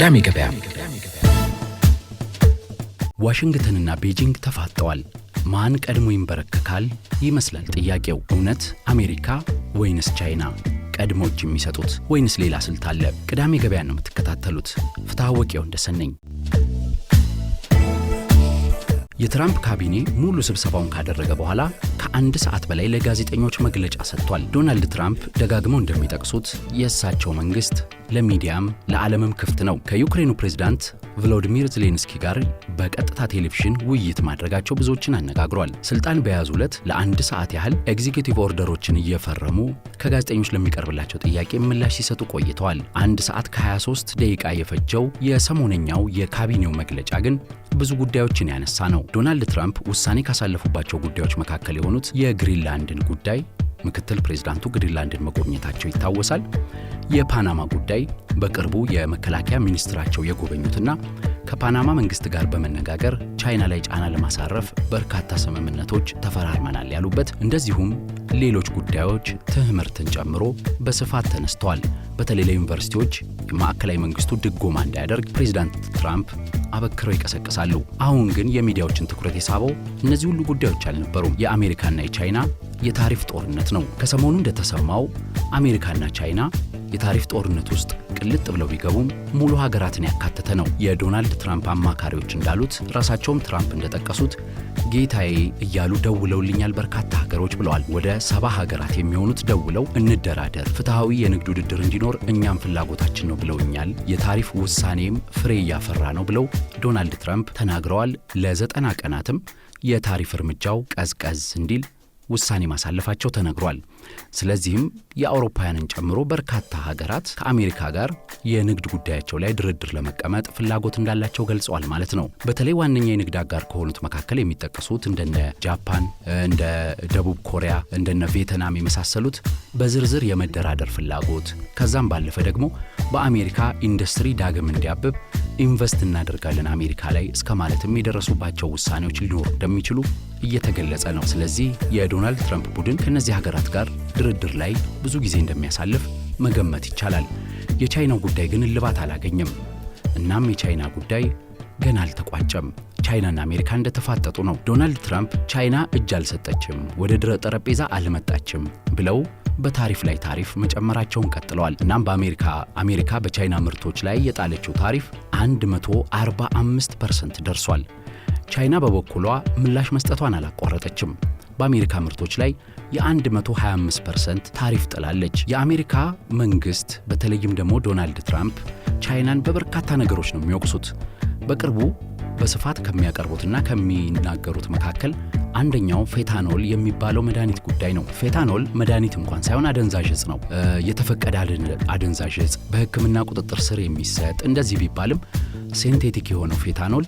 ቅዳሜ ገበያ ዋሽንግተንና ቤጂንግ ተፋጠዋል። ማን ቀድሞ ይንበረከካል ይመስላል ጥያቄው። እውነት አሜሪካ ወይንስ ቻይና ቀድሞዎች የሚሰጡት ወይንስ ሌላ ስልት አለ? ቅዳሜ ገበያ ነው የምትከታተሉት። ፍትሐወቂያው እንደሰነኝ የትራምፕ ካቢኔ ሙሉ ስብሰባውን ካደረገ በኋላ ከአንድ ሰዓት በላይ ለጋዜጠኞች መግለጫ ሰጥቷል። ዶናልድ ትራምፕ ደጋግመው እንደሚጠቅሱት የእሳቸው መንግስት ለሚዲያም ለዓለምም ክፍት ነው። ከዩክሬኑ ፕሬዝዳንት ቮሎዲሚር ዜሌንስኪ ጋር በቀጥታ ቴሌቪዥን ውይይት ማድረጋቸው ብዙዎችን አነጋግሯል። ስልጣን በያዙ ዕለት ለአንድ ሰዓት ያህል ኤግዚኪቲቭ ኦርደሮችን እየፈረሙ ከጋዜጠኞች ለሚቀርብላቸው ጥያቄ ምላሽ ሲሰጡ ቆይተዋል። አንድ ሰዓት ከ23 ደቂቃ የፈጀው የሰሞነኛው የካቢኔው መግለጫ ግን ብዙ ጉዳዮችን ያነሳ ነው። ዶናልድ ትራምፕ ውሳኔ ካሳለፉባቸው ጉዳዮች መካከል የሆኑት የግሪንላንድን ጉዳይ ምክትል ፕሬዝዳንቱ ግሪንላንድን መጎብኘታቸው ይታወሳል። የፓናማ ጉዳይ በቅርቡ የመከላከያ ሚኒስትራቸው የጎበኙትና ከፓናማ መንግስት ጋር በመነጋገር ቻይና ላይ ጫና ለማሳረፍ በርካታ ስምምነቶች ተፈራርመናል ያሉበት እንደዚሁም ሌሎች ጉዳዮች ትምህርትን ጨምሮ በስፋት ተነስተዋል። በተለይ ለዩኒቨርሲቲዎች የማዕከላዊ መንግስቱ ድጎማ እንዳያደርግ ፕሬዚዳንት ትራምፕ አበክረው ይቀሰቅሳሉ። አሁን ግን የሚዲያዎችን ትኩረት የሳበው እነዚህ ሁሉ ጉዳዮች አልነበሩም። የአሜሪካና የቻይና የታሪፍ ጦርነት ነው። ከሰሞኑ እንደተሰማው አሜሪካና ቻይና የታሪፍ ጦርነት ውስጥ ቅልጥ ብለው ቢገቡም ሙሉ ሀገራትን ያካተተ ነው። የዶናልድ ትራምፕ አማካሪዎች እንዳሉት ራሳቸውም ትራምፕ እንደጠቀሱት ጌታዬ እያሉ ደውለውልኛል በርካታ ሀገሮች ብለዋል። ወደ ሰባ ሀገራት የሚሆኑት ደውለው እንደራደር፣ ፍትሐዊ የንግድ ውድድር እንዲኖር እኛም ፍላጎታችን ነው ብለውኛል። የታሪፍ ውሳኔም ፍሬ እያፈራ ነው ብለው ዶናልድ ትራምፕ ተናግረዋል። ለዘጠና ቀናትም የታሪፍ እርምጃው ቀዝቀዝ እንዲል ውሳኔ ማሳለፋቸው ተነግሯል። ስለዚህም የአውሮፓውያንን ጨምሮ በርካታ ሀገራት ከአሜሪካ ጋር የንግድ ጉዳያቸው ላይ ድርድር ለመቀመጥ ፍላጎት እንዳላቸው ገልጸዋል ማለት ነው። በተለይ ዋነኛ የንግድ አጋር ከሆኑት መካከል የሚጠቀሱት እንደነ ጃፓን፣ እንደ ደቡብ ኮሪያ፣ እንደነ ቬትናም የመሳሰሉት በዝርዝር የመደራደር ፍላጎት ከዛም ባለፈ ደግሞ በአሜሪካ ኢንዱስትሪ ዳግም እንዲያብብ ኢንቨስት እናደርጋለን አሜሪካ ላይ እስከ ማለትም የደረሱባቸው ውሳኔዎች ሊኖሩ እንደሚችሉ እየተገለጸ ነው። ስለዚህ የዶናልድ ትራምፕ ቡድን ከእነዚህ ሀገራት ጋር ድርድር ላይ ብዙ ጊዜ እንደሚያሳልፍ መገመት ይቻላል። የቻይናው ጉዳይ ግን እልባት አላገኘም። እናም የቻይና ጉዳይ ገና አልተቋጨም። ቻይናና አሜሪካ እንደተፋጠጡ ነው። ዶናልድ ትራምፕ ቻይና እጅ አልሰጠችም፣ ወደ ድረ ጠረጴዛ አልመጣችም ብለው በታሪፍ ላይ ታሪፍ መጨመራቸውን ቀጥለዋል። እናም በአሜሪካ አሜሪካ በቻይና ምርቶች ላይ የጣለችው ታሪፍ 145 ፐርሰንት ደርሷል። ቻይና በበኩሏ ምላሽ መስጠቷን አላቋረጠችም። በአሜሪካ ምርቶች ላይ የ125 ፐርሰንት ታሪፍ ጥላለች። የአሜሪካ መንግስት በተለይም ደግሞ ዶናልድ ትራምፕ ቻይናን በበርካታ ነገሮች ነው የሚወቅሱት። በቅርቡ በስፋት ከሚያቀርቡትና ከሚናገሩት መካከል አንደኛው ፌታኖል የሚባለው መድኃኒት ጉዳይ ነው። ፌታኖል መድኃኒት እንኳን ሳይሆን አደንዛዥ እጽ ነው። የተፈቀደ አደንዛዥ እጽ በሕክምና ቁጥጥር ስር የሚሰጥ እንደዚህ ቢባልም ሴንቴቲክ የሆነው ፌታኖል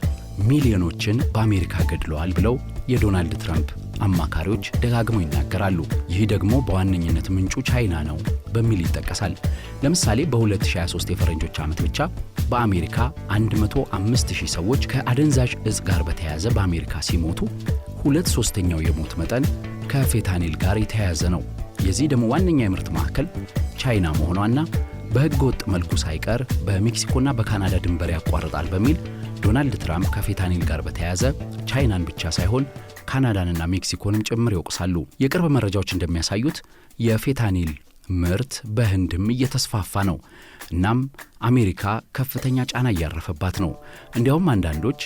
ሚሊዮኖችን በአሜሪካ ገድለዋል ብለው የዶናልድ ትራምፕ አማካሪዎች ደጋግመው ይናገራሉ። ይህ ደግሞ በዋነኝነት ምንጩ ቻይና ነው በሚል ይጠቀሳል። ለምሳሌ በ2023 የፈረንጆች ዓመት ብቻ በአሜሪካ 105000 ሰዎች ከአደንዛዥ እጽ ጋር በተያያዘ በአሜሪካ ሲሞቱ ሁለት ሶስተኛው የሞት መጠን ከፌታኒል ጋር የተያያዘ ነው። የዚህ ደግሞ ዋነኛ የምርት ማዕከል ቻይና መሆኗና በሕገ ወጥ መልኩ ሳይቀር በሜክሲኮና በካናዳ ድንበር ያቋርጣል በሚል ዶናልድ ትራምፕ ከፌታኒል ጋር በተያያዘ ቻይናን ብቻ ሳይሆን ካናዳንና ሜክሲኮንም ጭምር ይወቅሳሉ። የቅርብ መረጃዎች እንደሚያሳዩት የፌታኒል ምርት በህንድም እየተስፋፋ ነው። እናም አሜሪካ ከፍተኛ ጫና እያረፈባት ነው። እንዲያውም አንዳንዶች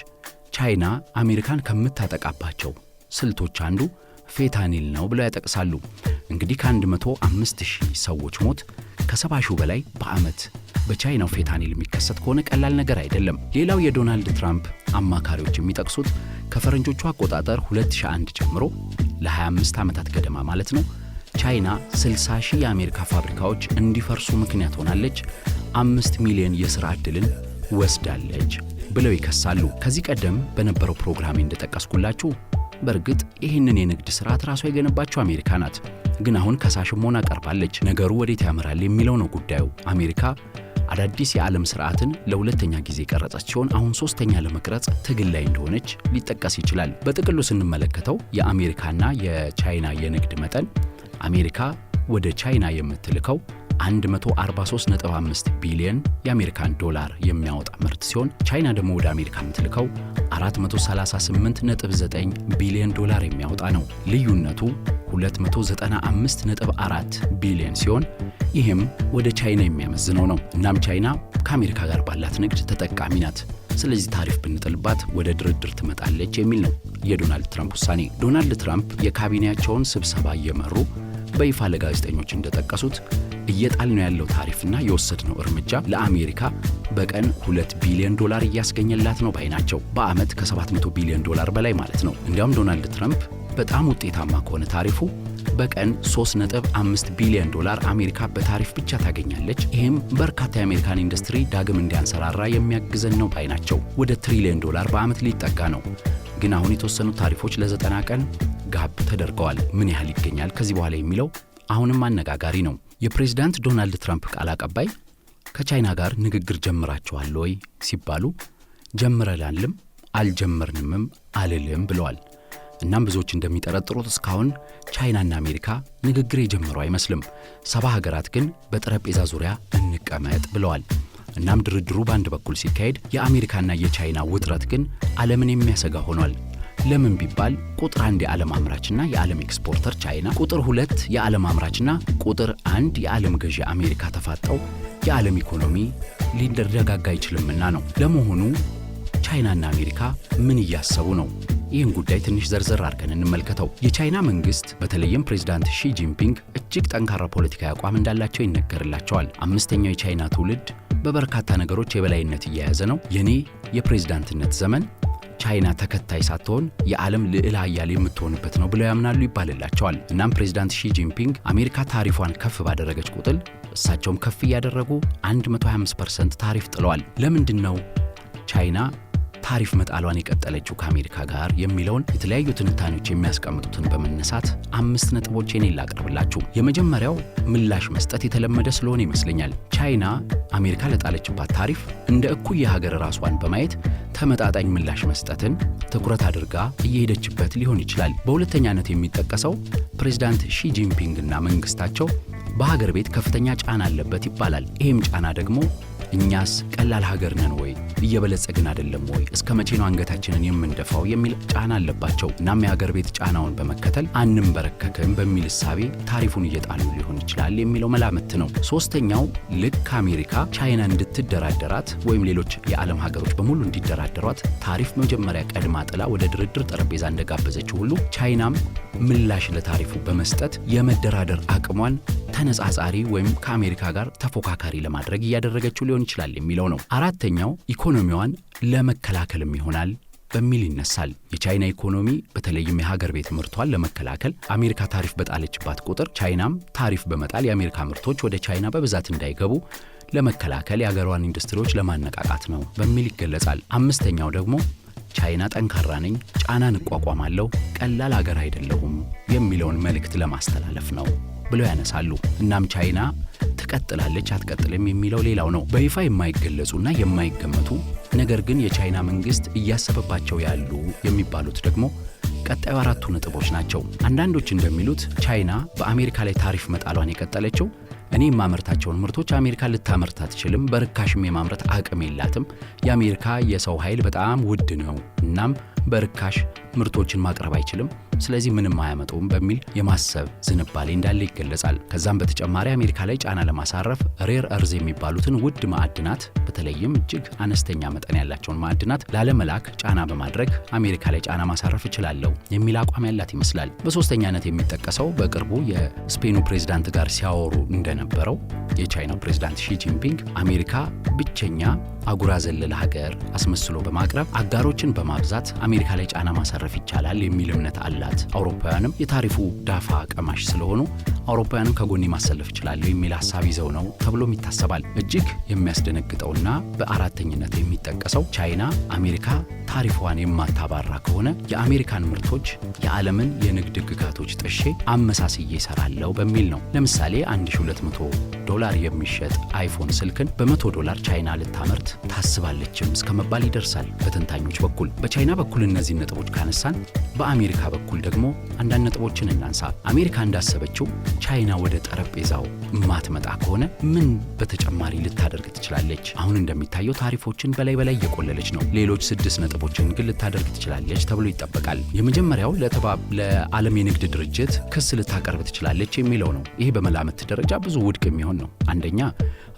ቻይና አሜሪካን ከምታጠቃባቸው ስልቶች አንዱ ፌታኒል ነው ብለው ያጠቅሳሉ። እንግዲህ ከ105 ሺህ ሰዎች ሞት ከ ሺው በላይ በዓመት በቻይናው ፌታኒል የሚከሰት ከሆነ ቀላል ነገር አይደለም። ሌላው የዶናልድ ትራምፕ አማካሪዎች የሚጠቅሱት ከፈረንጆቹ አቆጣጠር 2001 ጀምሮ ለ25 ዓመታት ገደማ ማለት ነው ቻይና 60 ሺህ የአሜሪካ ፋብሪካዎች እንዲፈርሱ ምክንያት ሆናለች፣ 5 ሚሊዮን የሥራ ዕድልን ወስዳለች ብለው ይከሳሉ። ከዚህ ቀደም በነበረው ፕሮግራሜ እንደጠቀስኩላችሁ በእርግጥ ይህንን የንግድ ስርዓት ራሷ የገነባቸው አሜሪካ ናት። ግን አሁን ከሳሽም ሆና ቀርባለች። ነገሩ ወዴት ያመራል የሚለው ነው ጉዳዩ። አሜሪካ አዳዲስ የዓለም ስርዓትን ለሁለተኛ ጊዜ ቀረጸች ሲሆን አሁን ሶስተኛ ለመቅረጽ ትግል ላይ እንደሆነች ሊጠቀስ ይችላል። በጥቅሉ ስንመለከተው የአሜሪካና የቻይና የንግድ መጠን አሜሪካ ወደ ቻይና የምትልከው 143.5 ቢሊዮን የአሜሪካን ዶላር የሚያወጣ ምርት ሲሆን ቻይና ደግሞ ወደ አሜሪካ የምትልከው 438.9 ቢሊዮን ዶላር የሚያወጣ ነው። ልዩነቱ 295.4 ቢሊዮን ሲሆን ይህም ወደ ቻይና የሚያመዝነው ነው። እናም ቻይና ከአሜሪካ ጋር ባላት ንግድ ተጠቃሚ ናት። ስለዚህ ታሪፍ ብንጥልባት ወደ ድርድር ትመጣለች የሚል ነው የዶናልድ ትራምፕ ውሳኔ። ዶናልድ ትራምፕ የካቢኔያቸውን ስብሰባ እየመሩ በይፋ ለጋዜጠኞች እንደጠቀሱት እየጣልነው ያለው ታሪፍና የወሰድነው እርምጃ ለአሜሪካ በቀን 2 ቢሊዮን ዶላር እያስገኘላት ነው ባይ ናቸው። በአመት ከ700 ቢሊዮን ዶላር በላይ ማለት ነው። እንዲያውም ዶናልድ ትራምፕ በጣም ውጤታማ ከሆነ ታሪፉ በቀን 3.5 ቢሊዮን ዶላር አሜሪካ በታሪፍ ብቻ ታገኛለች። ይህም በርካታ የአሜሪካን ኢንዱስትሪ ዳግም እንዲያንሰራራ የሚያግዘን ነው ባይ ናቸው። ወደ ትሪሊዮን ዶላር በአመት ሊጠጋ ነው። ግን አሁን የተወሰኑት ታሪፎች ለ90 ቀን ጋብ ተደርገዋል። ምን ያህል ይገኛል ከዚህ በኋላ የሚለው አሁንም አነጋጋሪ ነው። የፕሬዚዳንት ዶናልድ ትራምፕ ቃል አቀባይ ከቻይና ጋር ንግግር ጀምራቸዋል ወይ ሲባሉ ጀምረላልም አልጀመርንምም አልልም ብለዋል። እናም ብዙዎች እንደሚጠረጥሩት እስካሁን ቻይናና አሜሪካ ንግግር የጀመሩ አይመስልም። ሰባ ሀገራት ግን በጠረጴዛ ዙሪያ እንቀመጥ ብለዋል። እናም ድርድሩ በአንድ በኩል ሲካሄድ፣ የአሜሪካና የቻይና ውጥረት ግን ዓለምን የሚያሰጋ ሆኗል። ለምን ቢባል ቁጥር አንድ የዓለም አምራችና የዓለም ኤክስፖርተር ቻይና፣ ቁጥር ሁለት የዓለም አምራችና ቁጥር አንድ የዓለም ገዢ አሜሪካ ተፋጠው የዓለም ኢኮኖሚ ሊረጋጋ አይችልምና ነው። ለመሆኑ ቻይናና አሜሪካ ምን እያሰቡ ነው? ይህን ጉዳይ ትንሽ ዘርዘር አድርገን እንመልከተው። የቻይና መንግስት በተለይም ፕሬዚዳንት ሺ ጂንፒንግ እጅግ ጠንካራ ፖለቲካዊ አቋም እንዳላቸው ይነገርላቸዋል። አምስተኛው የቻይና ትውልድ በበርካታ ነገሮች የበላይነት እየያዘ ነው። የኔ የፕሬዝዳንትነት ዘመን ቻይና ተከታይ ሳትሆን የዓለም ልዕል ኃያል የምትሆንበት ነው ብለው ያምናሉ ይባልላቸዋል። እናም ፕሬዚዳንት ሺ ጂንፒንግ አሜሪካ ታሪፏን ከፍ ባደረገች ቁጥር እሳቸውም ከፍ እያደረጉ 125 ፐርሰንት ታሪፍ ጥለዋል። ለምንድን ነው ቻይና ታሪፍ መጣሏን የቀጠለችው ከአሜሪካ ጋር የሚለውን የተለያዩ ትንታኔዎች የሚያስቀምጡትን በመነሳት አምስት ነጥቦች የኔ ላቅርብላችሁ። የመጀመሪያው ምላሽ መስጠት የተለመደ ስለሆነ ይመስለኛል። ቻይና አሜሪካ ለጣለችባት ታሪፍ እንደ እኩይ የሀገር ራሷን በማየት ተመጣጣኝ ምላሽ መስጠትን ትኩረት አድርጋ እየሄደችበት ሊሆን ይችላል። በሁለተኛነት የሚጠቀሰው ፕሬዚዳንት ሺ ጂንፒንግ እና መንግስታቸው በሀገር ቤት ከፍተኛ ጫና አለበት ይባላል። ይህም ጫና ደግሞ እኛስ ቀላል ሀገር ነን ወይ? እየበለጸግን አይደለም ወይ? እስከ መቼ ነው አንገታችንን የምንደፋው? የሚል ጫና አለባቸው። እናም የሀገር ቤት ጫናውን በመከተል አንንበረከክም በሚል እሳቤ ታሪፉን እየጣሉ ሊሆን ይችላል የሚለው መላምት ነው። ሶስተኛው ልክ አሜሪካ ቻይና እንድትደራደራት ወይም ሌሎች የዓለም ሀገሮች በሙሉ እንዲደራደሯት ታሪፍ መጀመሪያ ቀድማ ጥላ ወደ ድርድር ጠረጴዛ እንደጋበዘችው ሁሉ ቻይናም ምላሽ ለታሪፉ በመስጠት የመደራደር አቅሟን ተነጻጻሪ ወይም ከአሜሪካ ጋር ተፎካካሪ ለማድረግ እያደረገችው ሊሆን ይችላል የሚለው ነው። አራተኛው ኢኮኖሚዋን ለመከላከልም ይሆናል በሚል ይነሳል። የቻይና ኢኮኖሚ በተለይም የሀገር ቤት ምርቷን ለመከላከል አሜሪካ ታሪፍ በጣለችባት ቁጥር ቻይናም ታሪፍ በመጣል የአሜሪካ ምርቶች ወደ ቻይና በብዛት እንዳይገቡ ለመከላከል የአገሯን ኢንዱስትሪዎች ለማነቃቃት ነው በሚል ይገለጻል። አምስተኛው ደግሞ ቻይና ጠንካራ ነኝ፣ ጫናን እቋቋማለሁ፣ ቀላል አገር አይደለሁም የሚለውን መልእክት ለማስተላለፍ ነው። ብለው ያነሳሉ። እናም ቻይና ትቀጥላለች አትቀጥልም የሚለው ሌላው ነው። በይፋ የማይገለጹና የማይገመቱ ነገር ግን የቻይና መንግስት እያሰበባቸው ያሉ የሚባሉት ደግሞ ቀጣዩ አራቱ ነጥቦች ናቸው። አንዳንዶች እንደሚሉት ቻይና በአሜሪካ ላይ ታሪፍ መጣሏን የቀጠለችው እኔ የማመርታቸውን ምርቶች አሜሪካ ልታመርት አትችልም፣ በርካሽም የማምረት አቅም የላትም፣ የአሜሪካ የሰው ኃይል በጣም ውድ ነው እናም በርካሽ ምርቶችን ማቅረብ አይችልም፣ ስለዚህ ምንም አያመጡም በሚል የማሰብ ዝንባሌ እንዳለ ይገለጻል። ከዛም በተጨማሪ አሜሪካ ላይ ጫና ለማሳረፍ ሬር እርዝ የሚባሉትን ውድ ማዕድናት በተለይም እጅግ አነስተኛ መጠን ያላቸውን ማዕድናት ላለመላክ ጫና በማድረግ አሜሪካ ላይ ጫና ማሳረፍ እችላለሁ የሚል አቋም ያላት ይመስላል። በሶስተኛነት የሚጠቀሰው በቅርቡ የስፔኑ ፕሬዝዳንት ጋር ሲያወሩ እንደነበረው የቻይናው ፕሬዝዳንት ሺጂንፒንግ አሜሪካ ብቸኛ አጉራ ዘለል ሀገር አስመስሎ በማቅረብ አጋሮችን በማብዛት አሜሪካ ላይ ጫና ማሳረፍ ይቻላል የሚል እምነት አላት። አውሮፓውያንም የታሪፉ ዳፋ ቀማሽ ስለሆኑ አውሮፓውያንም ከጎኔ ማሰለፍ እችላለሁ የሚል ሀሳብ ይዘው ነው ተብሎም ይታሰባል። እጅግ የሚያስደነግጠውና በአራተኝነት የሚጠቀሰው ቻይና፣ አሜሪካ ታሪፏን የማታባራ ከሆነ የአሜሪካን ምርቶች የዓለምን የንግድ ግጋቶች ጥሼ አመሳስዬ እሰራለሁ በሚል ነው። ለምሳሌ 1200 ዶላር የሚሸጥ አይፎን ስልክን በ100 ዶላር ቻይና ልታመርት ታስባለችም እስከ መባል ይደርሳል በተንታኞች በኩል። በቻይና በኩል እነዚህን ነጥቦች ካነሳን፣ በአሜሪካ በኩል ደግሞ አንዳንድ ነጥቦችን እናንሳ። አሜሪካ እንዳሰበችው ቻይና ወደ ጠረጴዛው ማትመጣ ከሆነ ምን በተጨማሪ ልታደርግ ትችላለች? አሁን እንደሚታየው ታሪፎችን በላይ በላይ እየቆለለች ነው። ሌሎች ስድስት ነጥቦች ሀሳቦችን ግን ልታደርግ ትችላለች ተብሎ ይጠበቃል። የመጀመሪያው ለዓለም የንግድ ድርጅት ክስ ልታቀርብ ትችላለች የሚለው ነው። ይህ በመላምት ደረጃ ብዙ ውድቅ የሚሆን ነው። አንደኛ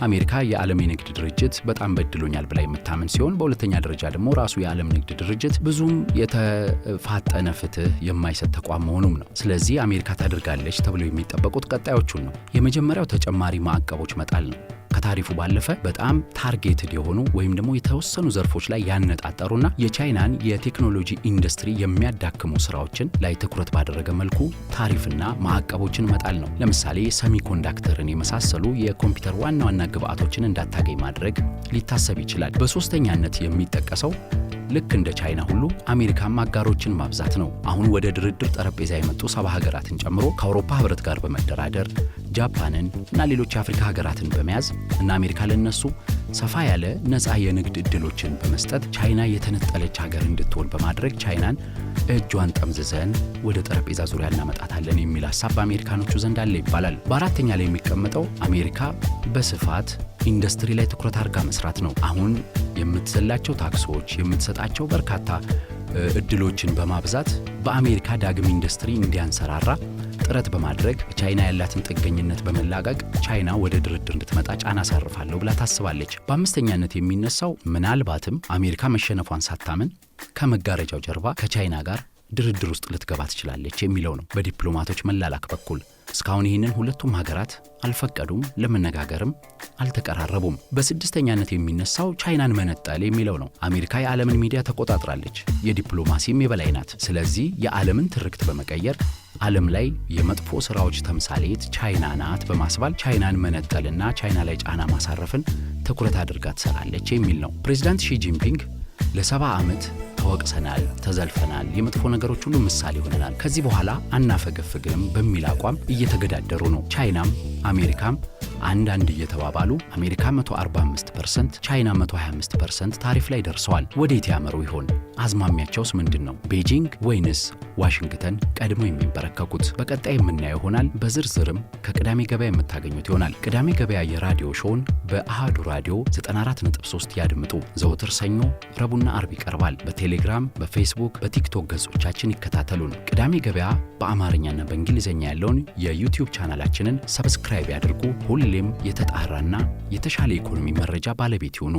አሜሪካ የዓለም የንግድ ድርጅት በጣም በድሎኛል ብላ የምታምን ሲሆን፣ በሁለተኛ ደረጃ ደግሞ ራሱ የዓለም ንግድ ድርጅት ብዙም የተፋጠነ ፍትህ የማይሰጥ ተቋም መሆኑም ነው። ስለዚህ አሜሪካ ታደርጋለች ተብሎ የሚጠበቁት ቀጣዮቹን ነው። የመጀመሪያው ተጨማሪ ማዕቀቦች መጣል ነው። ከታሪፉ ባለፈ በጣም ታርጌትድ የሆኑ ወይም ደግሞ የተወሰኑ ዘርፎች ላይ ያነጣጠሩና የቻይናን የቴክኖሎጂ ኢንዱስትሪ የሚያዳክሙ ስራዎችን ላይ ትኩረት ባደረገ መልኩ ታሪፍና ማዕቀቦችን መጣል ነው። ለምሳሌ ሰሚኮንዳክተርን የመሳሰሉ የኮምፒውተር ዋና ዋና ግብአቶችን እንዳታገኝ ማድረግ ሊታሰብ ይችላል። በሶስተኛነት የሚጠቀሰው ልክ እንደ ቻይና ሁሉ አሜሪካም አጋሮችን ማብዛት ነው። አሁን ወደ ድርድር ጠረጴዛ የመጡ ሰባ ሀገራትን ጨምሮ ከአውሮፓ ህብረት ጋር በመደራደር ጃፓንን እና ሌሎች የአፍሪካ ሀገራትን በመያዝ እና አሜሪካ ለነሱ ሰፋ ያለ ነፃ የንግድ እድሎችን በመስጠት ቻይና የተነጠለች ሀገር እንድትሆን በማድረግ ቻይናን እጇን ጠምዝዘን ወደ ጠረጴዛ ዙሪያ እናመጣታለን የሚል ሀሳብ በአሜሪካኖቹ ዘንድ አለ ይባላል። በአራተኛ ላይ የሚቀመጠው አሜሪካ በስፋት ኢንዱስትሪ ላይ ትኩረት አድርጋ መስራት ነው አሁን የምትዘላቸው ታክሶች፣ የምትሰጣቸው በርካታ እድሎችን በማብዛት በአሜሪካ ዳግም ኢንዱስትሪ እንዲያንሰራራ ጥረት በማድረግ ቻይና ያላትን ጥገኝነት በመላቀቅ ቻይና ወደ ድርድር እንድትመጣ ጫና አሳርፋለሁ ብላ ታስባለች። በአምስተኛነት የሚነሳው ምናልባትም አሜሪካ መሸነፏን ሳታምን ከመጋረጃው ጀርባ ከቻይና ጋር ድርድር ውስጥ ልትገባ ትችላለች የሚለው ነው በዲፕሎማቶች መላላክ በኩል። እስካሁን ይህንን ሁለቱም ሀገራት አልፈቀዱም፣ ለመነጋገርም አልተቀራረቡም። በስድስተኛነት የሚነሳው ቻይናን መነጠል የሚለው ነው። አሜሪካ የዓለምን ሚዲያ ተቆጣጥራለች፣ የዲፕሎማሲም የበላይ ናት። ስለዚህ የዓለምን ትርክት በመቀየር ዓለም ላይ የመጥፎ ስራዎች ተምሳሌት ቻይና ናት በማስባል ቻይናን መነጠልና ቻይና ላይ ጫና ማሳረፍን ትኩረት አድርጋ ትሰራለች የሚል ነው። ፕሬዚዳንት ሺ ጂንፒንግ ለሰባ ዓመት ተወቅሰናል፣ ተዘልፈናል፣ የመጥፎ ነገሮች ሁሉ ምሳሌ ሆነናል፣ ከዚህ በኋላ አናፈገፍግንም በሚል አቋም እየተገዳደሩ ነው። ቻይናም አሜሪካም አንዳንድ እየተባባሉ አሜሪካ 145 ፐርሰንት ቻይና 125 ፐርሰንት ታሪፍ ላይ ደርሰዋል። ወዴት ያመሩ ይሆን? አዝማሚያቸውስ ምንድን ነው? ቤጂንግ ወይንስ ዋሽንግተን ቀድሞ የሚንበረከኩት? በቀጣይ የምናየው ይሆናል። በዝርዝርም ከቅዳሜ ገበያ የምታገኙት ይሆናል። ቅዳሜ ገበያ የራዲዮ ሾውን በአሃዱ ራዲዮ 94.3 ያድምጡ። ዘውትር ሰኞ ቡና አርብ ይቀርባል። በቴሌግራም፣ በፌስቡክ፣ በቲክቶክ ገጾቻችን ይከታተሉን። ቅዳሜ ገበያ በአማርኛና በእንግሊዝኛ ያለውን የዩቲዩብ ቻናላችንን ሰብስክራይብ ያድርጉ። ሁሌም የተጣራና የተሻለ ኢኮኖሚ መረጃ ባለቤት ይሁኑ።